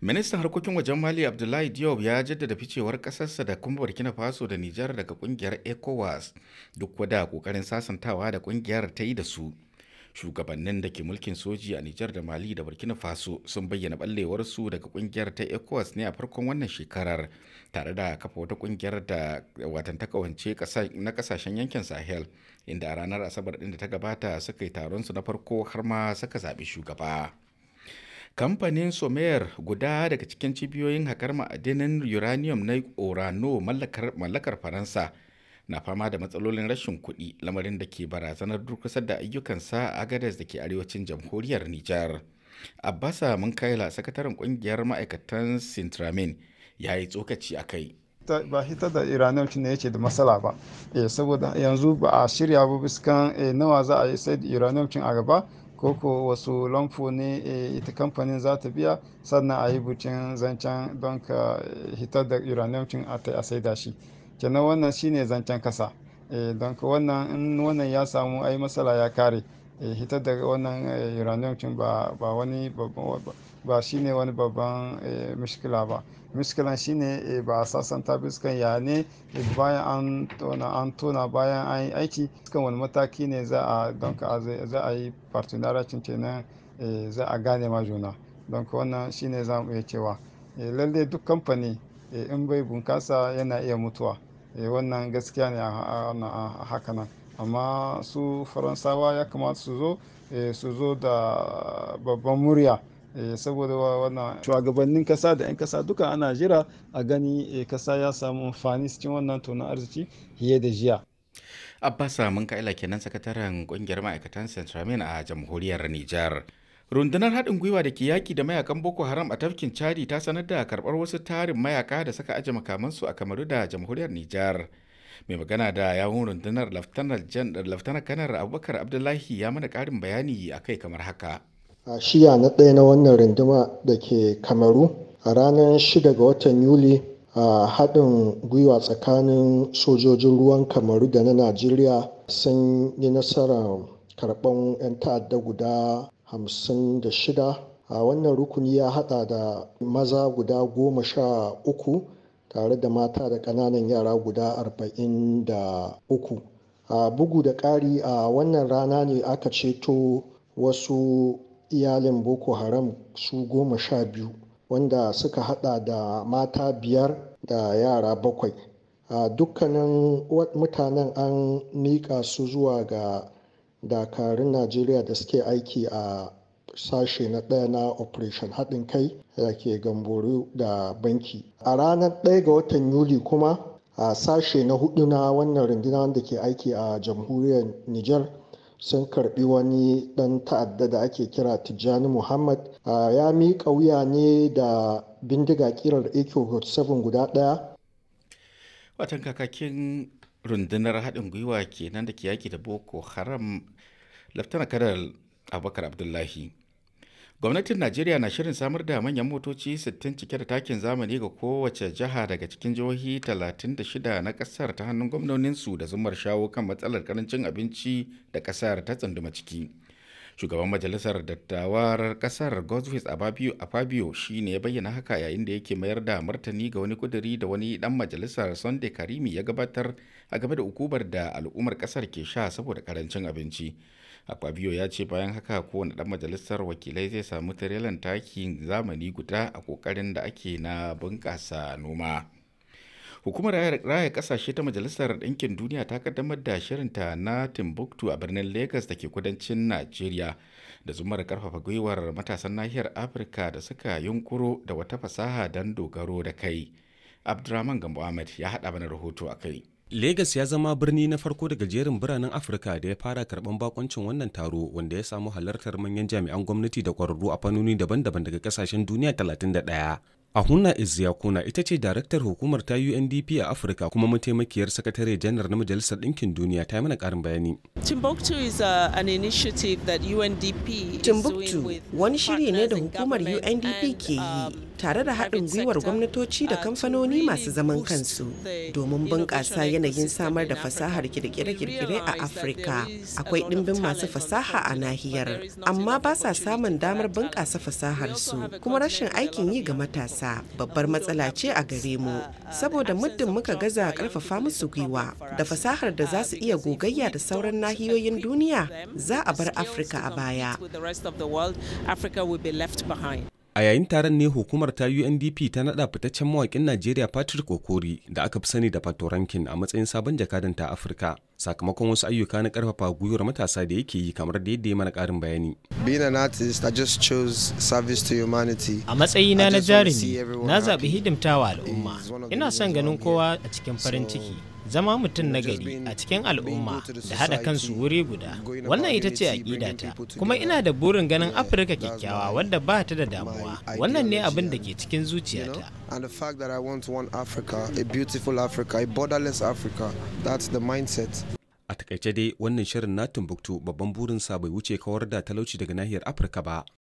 ministan harkokin wajen mali abdullahi diop ya jaddada ficewar kasarsa da kuma burkina faso da nijar daga kungiyar ecowas duk wada kokarin sasantawa da kungiyar ta yi da su shugabannin da ke mulkin soji a nijar da mali da burkina faso sun bayyana ballewar su daga kungiyar ta ecowas ne a farkon wannan shekarar tare da kafa wata kungiyar da watan ta kawance na kasashen yankin sahel inda a ranar asabar din da ta gabata suka yi taron su na farko har ma suka zaɓi shugaba Kamfanin Somer guda daga cikin cibiyoyin haƙar ma'adinin uranium na Orano mallakar Faransa na fama da matsalolin rashin kuɗi lamarin da ke barazanar durkusar da ayyukansa a gadas da ke arewacin jamhuriyar Nijar. Abbasa Munkaila sakataren ƙungiyar ma'aikatan Sintramin ya yi tsokaci a kai. ba hita da shi ne yake da matsala ba eh, saboda yanzu ba a shirya ba biskan eh, nawa za a yi sai da iranium a gaba ko ko wasu lamfo ne eh, ita kamfanin za ta biya sannan a yi bucin zancen don ka eh, hitar da uranium cin a da shi kenan wannan shine zancen kasa eh, don ka wannan in wannan ya samu ai matsala ya kare hitar da wannan uranium cin ba wani babban ba shi ne wani babban eh, mishkila ba mishkilan ne eh, ba a sasanta biskan ya ne eh, bayan an tona an tona bayan an yi aiki kan wani mataki ne za a don ka za a yi partenaracin kenan za a gane ma juna don ka wannan ne za mu iya cewa lalle duk kamfani in bai bunkasa yana iya mutuwa wannan gaskiya ne a haka nan amma su faransawa ya kamata su zo su zo da babban murya Eh, saboda wannan shugabannin kasa da 'yan kasa duka ana jira a gani eh, kasa ya samu amfani cikin wannan tonon arziki fiye da jiya abbas mun ka'ila kenan sakataren kungiyar ma'aikatan centramin a jamhuriyar nijar rundunar haɗin gwiwa da ke yaƙi da mayakan boko haram a tafkin chadi ta sanar da karɓar wasu tarin mayaka da saka aji makamansu a kamaru da jamhuriyar nijar mai magana da yawun rundunar laftanar kanar abubakar abdullahi ya mana ƙarin bayani a kai kamar haka a shiya na ɗaya na wannan runduma da ke kamaru a ranar 6 ga watan yuli a haɗin gwiwa tsakanin sojojin ruwan kamaru da na najeriya sun yi nasarar karɓan 'yan ta'adda guda 56 a wannan rukuni ya haɗa da maza guda goma sha uku tare da mata da ƙananan yara guda arba'in da uku a bugu da ƙari a wannan rana ne aka ceto wasu iyalin boko haram su goma sha biyu wanda suka hada da mata biyar da yara bakwai a dukkanin mutanen an miƙa su zuwa ga dakarun najeriya da suke aiki a sashe na ɗaya na operation haɗin kai da ke gamboru da banki a ranar ɗaya ga watan yuli kuma a sashe na hudu na wannan rundunar da ke aiki a jamhuriyar niger sun karbi wani dan ta'adda da ake kira tijjani muhammad ya miƙa wuya ne da bindiga kirar ak-47 guda ɗaya watan kakakin rundunar haɗin gwiwa kenan da ke yaƙi da boko haram laftana kadar abubakar abdullahi gwamnatin najeriya na shirin samar da manyan motoci 60 cike da takin zamani ga kowace jiha daga cikin jihohi 36 na kasar ta hannun gwamnoninsu da zumar shawo kan matsalar karancin abinci da kasar ta tsunduma ciki shugaban majalisar dattawar kasar godfrey ababio afabio shi ne ya bayyana haka yayin da yake mayar da martani ga wani kuduri da wani dan majalisar sunday karimi ya gabatar a game da ukubar da al'ummar kasar ke sha saboda karancin abinci fabio ya ce bayan haka kowane dan majalisar wakilai zai samu tirelan takin zamani guda a kokarin da ake na bunƙasa noma hukumar raya kasashe ta majalisar ɗinkin duniya ta kaddamar da shirinta na timbuktu a birnin lagos da ke kudancin najeriya da zumar karfafa gwiwar matasan nahiyar afirka da suka yunkuro da wata fasaha don dogaro da kai abdurrahman gambo ahmed ya haɗa mana rahoto a kai Legas ya zama birni na farko daga jerin biranen Afirka da ya fara karɓar bakoncin wannan taro wanda ya samu halartar manyan jami'an gwamnati da kwararru a fannoni daban-daban daga kasashen duniya 31. Ahuna Iziyakuna ita ce daraktar hukumar ta UNDP a Afirka kuma mataimakiyar sakatare janar na Majalisar Ɗinkin Duniya ta yi mana karin bayani. Timbuktu is a, uh, an initiative that Timbuktu wani shiri ne da hukumar UNDP ke yi um, tare da haɗin gwiwar gwamnatoci da uh, kamfanoni masu zaman kansu domin bunƙasa yanayin samar da fasahar kirkire-kirkire a afirka akwai ɗimbin masu fasaha a nahiyar amma ba sa samun damar bunƙasa fasahar su kuma rashin aikin yi ga matasa babbar matsala ce a gare mu uh, saboda muddin muka gaza ƙarfafa musu gwiwa da fasahar da uh, za su iya gogayya da sauran nahiyoyin duniya za a bar afirka a baya a yayin taron ne hukumar ta undp ta nada fitaccen mawakin najeriya patrick okori da aka fi sani da fato rankin a matsayin sabon jakadan ta afirka sakamakon wasu ayyuka na karfafa gwiwar matasa da yake yi kamar da yadda ya mana karin bayani being an artist service to humanity a matsayina na jarumi na zaɓi hidimtawa al'umma ina son ganin kowa a cikin farin ciki zama mutum na gari a cikin al'umma da haɗa kansu wuri guda wannan ita ce a ta kuma ina da burin ganin afirka kyakkyawa wadda ba ta da damuwa wannan ne abin da ke cikin zuciyata and the fact that I want one Africa, a beautiful Africa, a borderless Africa, that's the mindset. A takaice dai wannan shirin na tumbuktu babban burinsa bai wuce kawar da talauci daga nahiyar Afirka ba,